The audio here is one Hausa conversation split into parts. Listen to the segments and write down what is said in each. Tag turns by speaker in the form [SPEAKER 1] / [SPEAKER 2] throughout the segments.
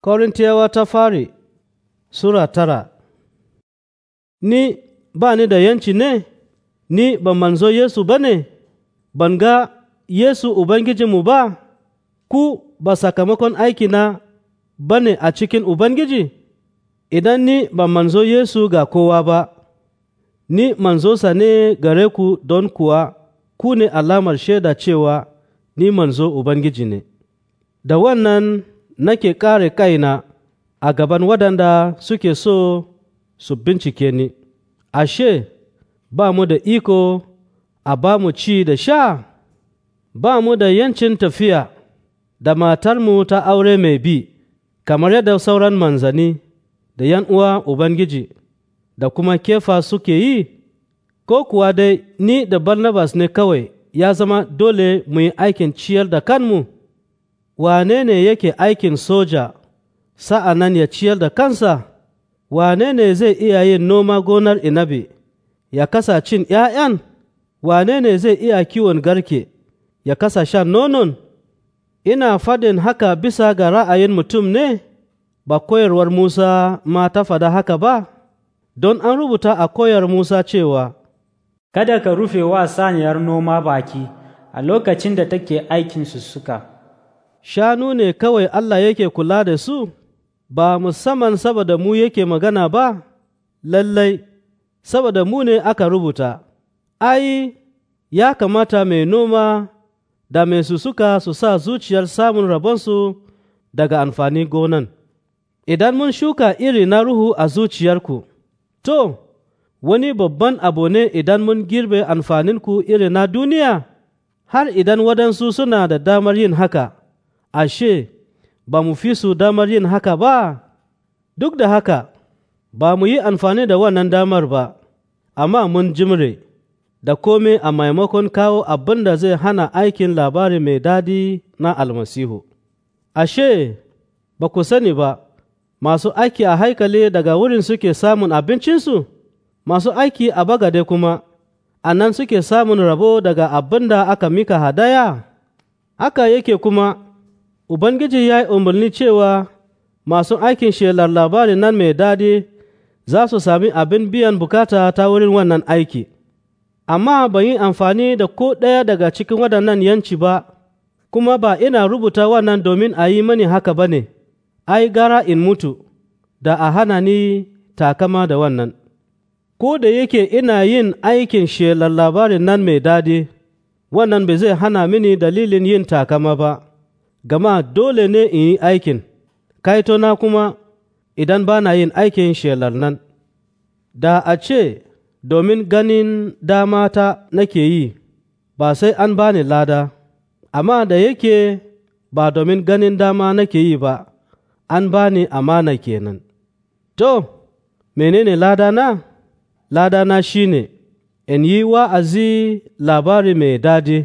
[SPEAKER 1] Korintiyawa ta fari Sura tara Ni ba ni da yanci ne, ni ba manzo Yesu ba ne, ban ga Yesu Ubangijinmu ba, ku ba sakamakon aikina ba ne a cikin Ubangiji, idan ni ba manzo Yesu ga kowa ba, ni sa ne gare ku don kuwa ku ne alamar shaida cewa ni manzo Ubangiji ne. Da wannan nake kare kaina a gaban waɗanda suke so su bincike ni, ashe, ba mu da iko a ba mu ci da sha, ba mu da yancin tafiya da matarmu ta aure mai bi, kamar yadda sauran manzani da ‘yan uwa Ubangiji da kuma kefa suke yi, ko kuwa dai ni da Barnabas ne kawai ya zama dole mu yi aikin ciyar da kanmu. wane ne yake aikin soja sa'an nan ya ciyar da kansa wane ne zai iya yin noma gonar inabi ya kasa cin ‘ya'yan wane ne zai iya kiwon garke ya kasa shan nonon ina fadin haka bisa ga ra'ayin mutum ne ba koyarwar Musa ma ta fada haka ba don an rubuta a koyar Musa cewa kada ka rufe wa saniyar noma baki a lokacin da take aikin sussuka. suka shanu ne kawai Allah yake kula da su, ba musamman saboda mu yake magana ba, lallai, saboda mu ne aka rubuta, ai, ya kamata mai noma da mai susuka su sa zuciyar samun rabonsu daga amfani gonan. Idan mun shuka iri na ruhu a zuciyarku, to, wani babban abu ne idan mun girbe amfaninku iri na duniya, har idan wadansu suna da damar yin haka. ashe, ba mu fi su damar yin haka ba, duk da haka ba mu yi amfani da wannan damar ba, amma mun jimre da komai a maimakon kawo abin da zai hana aikin labari mai dadi na almasihu. Ashe, ba ku sani ba, masu aiki a haikali daga wurin suke samun abincinsu, masu aiki a bagade kuma, a nan suke samun rabo daga abin da aka mika hadaya, haka yake kuma. Ubangiji ya yi umarni cewa masu aikin shelar labarin nan mai daɗi za su sami abin biyan bukata ta wurin wannan aiki, amma ban yi amfani da ko ɗaya daga cikin waɗannan yanci ba, kuma ba ina rubuta wannan domin a yi mani haka ba ne, ai gara in mutu da a hana ni takama da wannan. Ko da yake ina yin aikin shelar labarin nan mai daɗi, wannan bai zai hana mini dalilin yin takama ba. gama dole ne in yi aikin, kaitona kuma idan ba na yin aikin shelar nan, da a ce domin ganin dama ta nake yi, ba sai an ba ni lada, amma da yake ba domin ganin dama nake yi ba, an ba ni amana kenan. To, menene lada ladana? Ladana shi ne, in yi wa'azi labari mai dadi,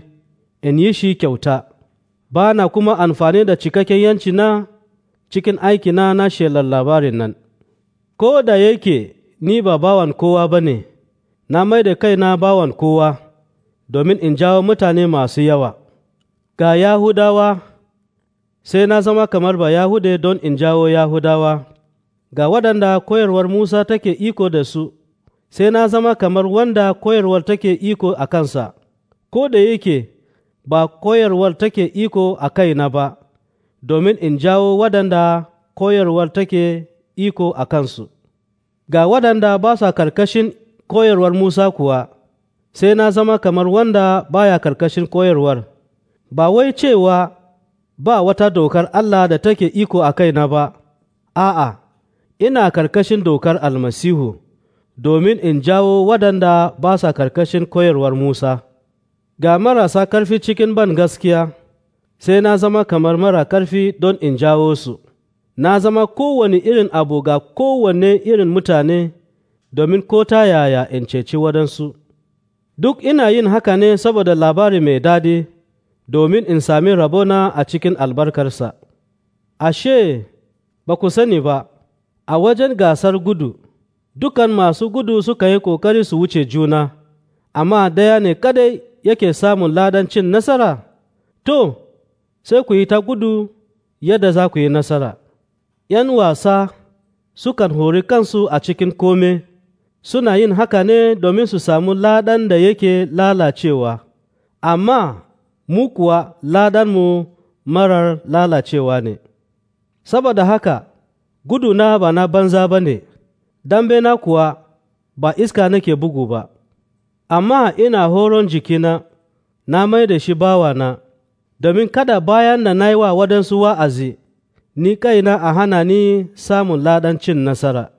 [SPEAKER 1] in yi shi kyauta. ba na kuma amfani da cikakken yanci na cikin aikina na shelar labarin nan, ko da yake ni ba bawan kowa ba ne, na mai da kaina bawan kowa domin in jawo mutane masu yawa, ga Yahudawa sai na zama kamar ba Yahude don in jawo Yahudawa, ga waɗanda koyarwar Musa take iko da su, sai na zama kamar wanda koyarwar take iko a kansa, ko da yake ba koyarwar take iko a kaina ba, domin in jawo waɗanda koyarwar take iko a kansu. Ga waɗanda ba sa karkashin koyarwar Musa kuwa, sai na zama kamar wanda baya karkashin koyarwar, ba wai cewa ba wata dokar Allah da take iko a kaina ba, a'a, ina karkashin dokar almasihu, domin in jawo waɗanda ba sa karkashin koyarwar Musa. ga marasa ƙarfi cikin ban gaskiya, sai na zama kamar mara ƙarfi don in jawo su, na zama kowane irin abu ga kowane irin mutane domin ko ta yaya in ceci waɗansu. Duk ina yin haka ne saboda labari mai daɗi domin in sami rabona a cikin albarkarsa. Ashe, ba ku sani ba, a wajen gasar gudu, dukan masu gudu suka yi ƙoƙari su wuce juna, amma daya ne kadai yake samun ladan cin nasara, to, sai ku yi ta gudu yadda za ku yi nasara. ’Yan wasa sukan hori kansu a cikin kome, suna yin haka ne domin su samu ladan da yake lalacewa, amma mu kuwa ladan mu marar lalacewa ne. Saboda haka, gudu na ba na banza ba ne, dambe na kuwa ba iska nake bugu ba. amma ina horon jikina na mai da shi bawana, domin kada bayan da na yi wa waɗansu wa'azi, ni kaina a hana ni samun ladan cin nasara.